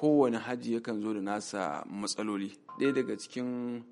kowane haji yakan zo da nasa matsaloli ɗaya daga cikin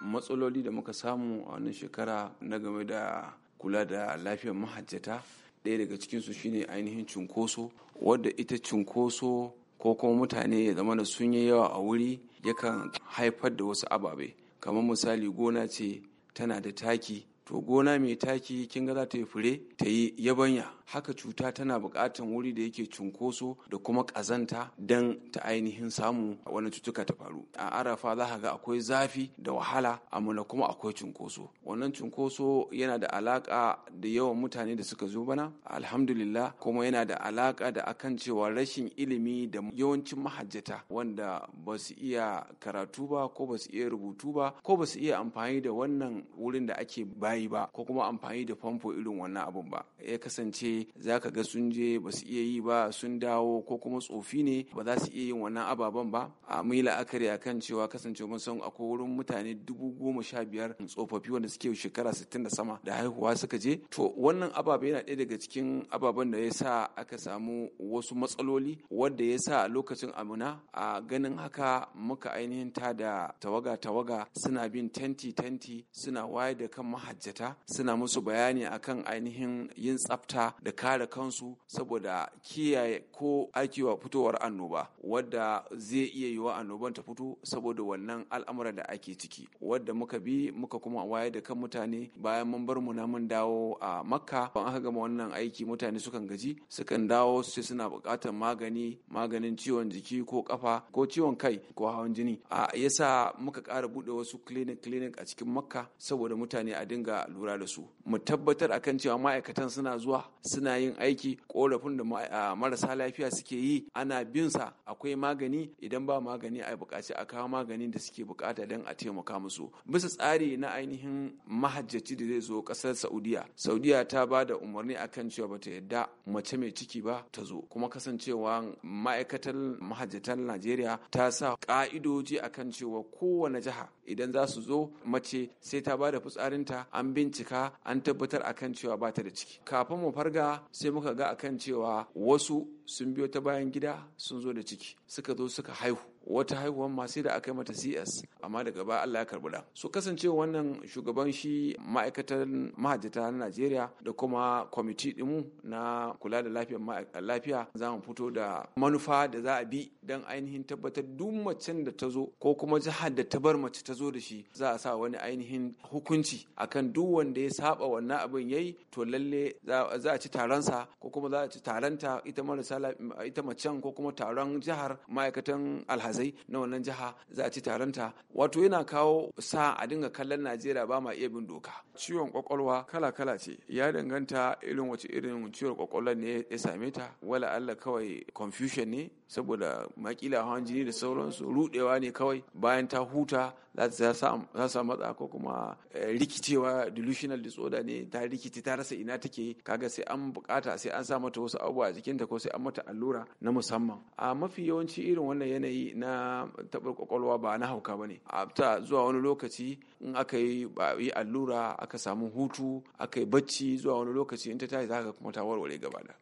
matsaloli da muka samu a wannan shekara na game da kula da lafiyar mahajjata ɗaya daga cikinsu shine ainihin cunkoso wadda ita cunkoso ko kuma mutane ya zama da sun yi yawa a wuri yakan haifar da wasu ababe kamar misali gona ce tana da taki to gona mai taki kin ga za ta yi fure ta yi yabanya haka cuta tana buƙatan wuri da yake cunkoso da kuma ƙazanta don ta ainihin samu wani cutuka ta faru a arafa za ga akwai zafi da wahala amma kuma akwai cunkoso wannan cunkoso yana da alaƙa da yawan mutane da suka zo bana alhamdulillah kuma yana da alaƙa da akan cewa rashin ilimi da yawancin mahajjata wanda ba su iya karatu ba ko ba su iya rubutu ba ko ba su iya amfani da wannan wurin da ake bayi yi ba ko kuma amfani da famfo irin wannan abun ba ya kasance za ka ga sun je ba su iya yi ba sun dawo ko kuma tsofi ne ba za su iya yin wannan ababen ba a mai la'akari a kan cewa kasance mun san akwai wurin mutane dubu goma sha biyar tsofaffi wanda suke shekara sittin da sama da haihuwa suka je to wannan ababe yana ɗaya daga cikin ababen da ya sa aka samu wasu matsaloli wadda ya sa lokacin amina a ganin haka muka ainihin ta da tawaga-tawaga suna bin tenti-tenti suna wayar da kan mahajji mahajjata suna musu bayani akan ainihin yin tsafta da kare kansu saboda kiyaye ko aikewa fitowar annoba wadda zai iya yiwa annoban ta fito saboda wannan al'amura da ake ciki wadda muka bi muka kuma wayar da kan mutane bayan mun bar mu na mun dawo a makka ban aka gama wannan aiki mutane sukan gaji sukan dawo su suna buƙatar magani maganin ciwon jiki ko kafa ko ciwon kai ko hawan jini a yasa muka ƙara buɗe wasu clinic clinic a cikin makka saboda mutane a dinga dinga lura da su mu tabbatar akan cewa ma'aikatan suna zuwa suna yin aiki korafin da marasa lafiya suke yi ana bin sa akwai magani idan ba magani a buƙaci a kawo maganin da suke bukata don a taimaka musu bisa tsari na ainihin mahajjaci da zai zo ƙasar saudiya saudiya ta ba da umarni akan cewa bata yadda mace mai ciki ba ta zo kuma kasancewa ma'aikatan mahajjatan najeriya ta sa ka'idoji akan cewa kowane jiha idan za su zo mace sai ta ba da fitsarinta an bincika an tabbatar akan cewa bata da ciki kafin mu farga sai muka ga akan cewa wasu sun biyo ta bayan gida sun zo da ciki suka zo suka haihu wata haihuwar masu da aka yi mata cs amma daga baya allah ya karbi da su kasance wannan shugaban shi ma'aikatan mahajjata na najeriya da kuma kwamiti dinmu na kula da lafiya za mu fito da manufa da za a bi don ainihin tabbatar duk macen da ta zo ko kuma jihar da ta bar mace ta zo da shi za a sa wani ainihin hukunci akan duk wanda ya saba wannan abin yayi to lalle za a ci taronsa ko kuma za a ci taronta ita marasa ita macen ko kuma taron jihar ma'aikatan alhaji alhazai na wannan jiha za a ci taronta wato yana kawo sa a dinga kallon najeriya ba ma iya bin doka ciwon kwakwalwa kala kala ce ya danganta irin wace irin ciwon kwakwalwa ne ya same ta wala allah kawai confusion ne saboda makila hawan jini da sauransu rudewa ne kawai bayan ta huta za ta matsa ko kuma eh, rikicewa delusional disorder ne ta rikici ta rasa ina take kaga sai an bukata sai an sa mata wasu abubuwa a jikinta ko sai an mata allura na musamman a mafi yawanci irin wannan yanayi na taɓar kwakwalwa ba na hauka ba ne ta zuwa wani lokaci in aka yi allura aka samu hutu aka yi bacci zuwa wani lokaci in ta tashi za ka kuma ta warware gaba da